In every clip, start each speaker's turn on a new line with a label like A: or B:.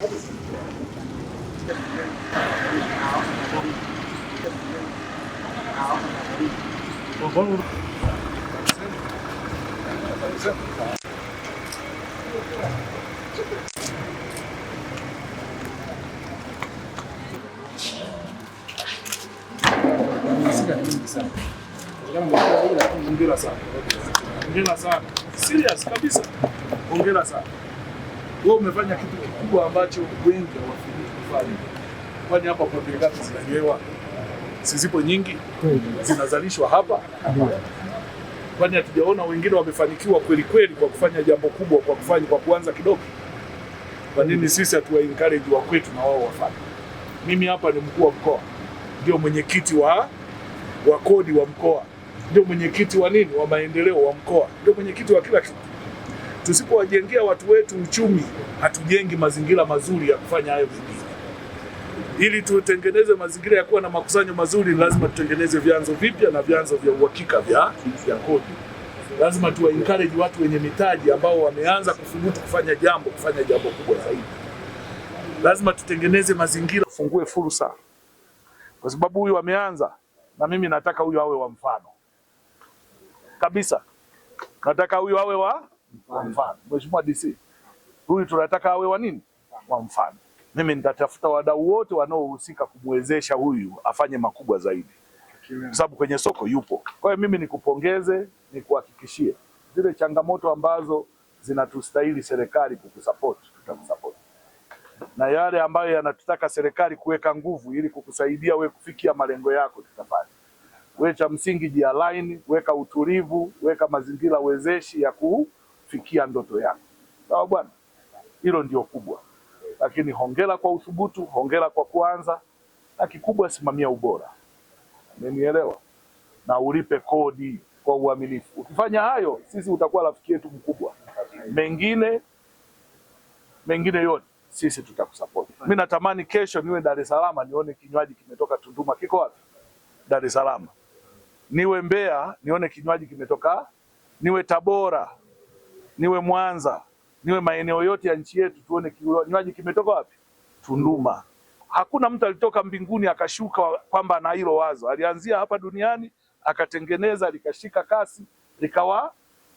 A: Ongera sana, ongera sana, serious kabisa, ongera sana. wewe umefanya kitu kikubwa ambacho wengi hawafikiri kufanya. Kwani hapa kwa delegates zinanywewa? Si zipo nyingi zinazalishwa hapa? Kwani hatujaona wengine wamefanikiwa kweli kweli kwa kufanya jambo kubwa, kwa kufanya kwa kuanza kidogo? Kwa nini sisi hatuwa encourage wa kwetu na wao wafanye? Mimi hapa ni mkuu wa mkoa, ndio mwenyekiti wa wa kodi wa mkoa, ndio mwenyekiti wa nini wa maendeleo wa mkoa, ndio mwenyekiti wa kila kitu Tusipowajengea watu wetu uchumi, hatujengi mazingira mazuri ya kufanya hayo mengine. Ili tutengeneze mazingira ya kuwa na makusanyo mazuri, lazima tutengeneze vyanzo vipya na vyanzo vya uhakika vya, vya kodi. Lazima tuwa encourage watu wenye mitaji ambao wameanza kuthubutu kufanya jambo kufanya jambo kubwa zaidi. Lazima tutengeneze mazingira, fungue fursa, kwa sababu huyu ameanza, na mimi nataka huyu awe wa mfano kabisa, nataka huyu awe wa kwa mfano. Mheshimiwa DC huyu tunataka awe wa nini? Kwa mfano. Mimi nitatafuta wadau wote wanaohusika kumwezesha huyu afanye makubwa zaidi, kwa sababu kwenye soko yupo. Kwa hiyo mimi nikupongeze, nikuhakikishie zile changamoto ambazo zinatustahili serikali kukusupport, tutakusupport na yale ambayo yanatutaka serikali kuweka nguvu ili kukusaidia we kufikia malengo yako tutafanya. Wewe cha msingi jialaini, weka utulivu, weka mazingira wezeshi ya ku kufikia ndoto yako. Sawa bwana, hilo ndio kubwa. Lakini hongera kwa uthubutu, hongera kwa kuanza, na kikubwa simamia ubora, umenielewa? Na ulipe kodi kwa uaminifu. Ukifanya hayo, sisi utakuwa rafiki yetu mkubwa. Mengine mengine yote sisi tutakusapoti. Mimi natamani kesho niwe Dar es Salaam nione kinywaji kimetoka Tunduma, kiko wapi? Dar es Salaam. Niwe Mbeya nione kinywaji kimetoka, niwe Tabora niwe Mwanza, niwe maeneo yote ya nchi yetu, tuone kinywaji kimetoka wapi? Tunduma. Hakuna mtu alitoka mbinguni akashuka kwamba ana hilo wazo. Alianzia hapa duniani akatengeneza, likashika kasi, likawa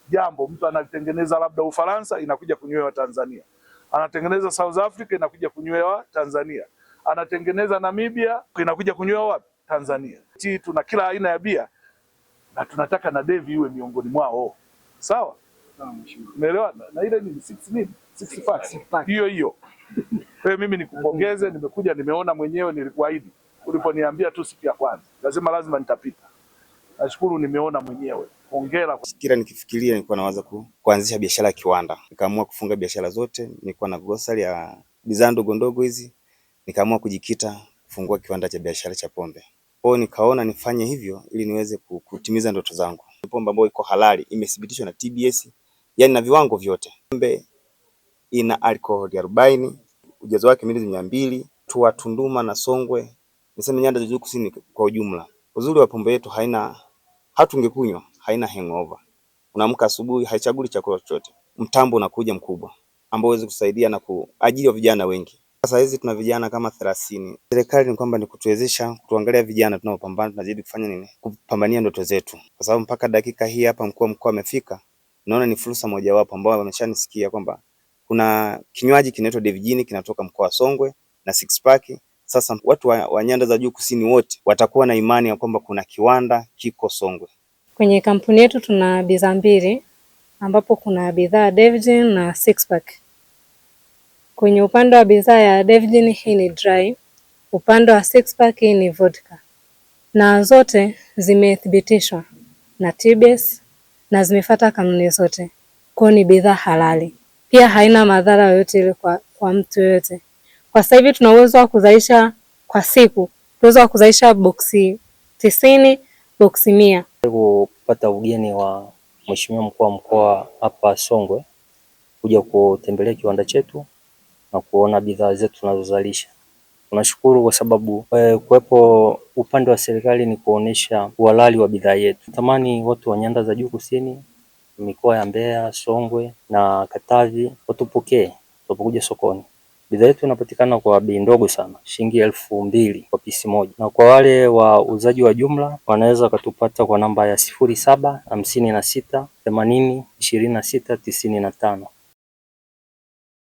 A: jambo. Mtu anatengeneza labda Ufaransa, inakuja kunywewa Tanzania. Anatengeneza South Africa, inakuja kunywewa Tanzania. Anatengeneza Namibia, inakuja kunywewa wapi? Tanzania. Tuna kila aina ya bia na tunataka na Devi iwe miongoni mwao, sawa. Umeelewa? Na ile ni six nini? Six packs. Hiyo hiyo. Wewe mimi nikupongeze, nimekuja nimeona mwenyewe nilikuahidi. Uliponiambia tu siku ya kwanza. Lazima lazima nitapita. Nashukuru nimeona mwenyewe. Hongera.
B: Kila nikifikiria nilikuwa nawaza ku, kuanzisha biashara ya kiwanda. Nikaamua kufunga biashara zote, nilikuwa na grocery ya bidhaa ndogo ndogo hizi. Nikaamua kujikita kufungua kiwanda cha biashara cha pombe. Kwa hiyo nikaona nifanye hivyo ili niweze kutimiza ndoto zangu. Pombe ambayo iko halali, imethibitishwa na TBS yani na viwango vyote. Pombe ina alkoholi arobaini, ujazo wake mililita mia mbili Tuwa Tunduma na Songwe, niseme nyanda za juu kusini kwa ujumla. Uzuri wa pombe yetu haina, ungekunywa haina hangover. Unaamka asubuhi, haichaguli chakula chochote, mtambo unakuja mkubwa ambao uweze kusaidia na kuajiri wa vijana wengi. Sasa hizi tuna vijana kama 30. Serikali ni kwamba ni kutuwezesha kutuangalia vijana tunaopambana, tunazidi kufanya nini? Kupambania ndoto zetu, kwa sababu mpaka dakika hii hapa mkuu wa mkoa amefika, Naona ni fursa mojawapo ambao wameshanisikia kwamba kuna kinywaji kinaitwa Devijini kinatoka mkoa wa Songwe na six pack. Sasa watu wa, wa nyanda za juu kusini wote watakuwa na imani ya kwamba kuna kiwanda kiko Songwe.
C: Kwenye kampuni yetu tuna bidhaa mbili ambapo kuna bidhaa Devijini na six pack. Kwenye upande wa bidhaa ya Devijini hii ni dry, upande wa six pack hii ni vodka, na zote zimethibitishwa na TBS na zimefuata kanuni zote, kwa ni bidhaa halali, pia haina madhara yoyote ile kwa, kwa mtu yoyote. Kwa sasa hivi tuna uwezo wa kuzalisha kwa siku, uwezo wa kuzalisha boksi tisini, boksi mia.
B: Kupata ugeni wa Mheshimiwa mkuu wa mkoa hapa Songwe kuja kutembelea kiwanda chetu na kuona bidhaa zetu tunazozalisha. Tunashukuru kwa sababu eh, kuwepo upande wa serikali ni kuonesha uhalali wa bidhaa yetu. Tamani watu wa nyanda za juu kusini, mikoa ya Mbeya, Songwe na Katavi watupokee tunapokuja sokoni. Bidhaa yetu inapatikana kwa bei ndogo sana, shilingi elfu mbili kwa pisi moja, na kwa wale wa uzaji wa jumla wanaweza wakatupata kwa namba ya sifuri saba hamsini na sita themanini ishirini na sita tisini na tano.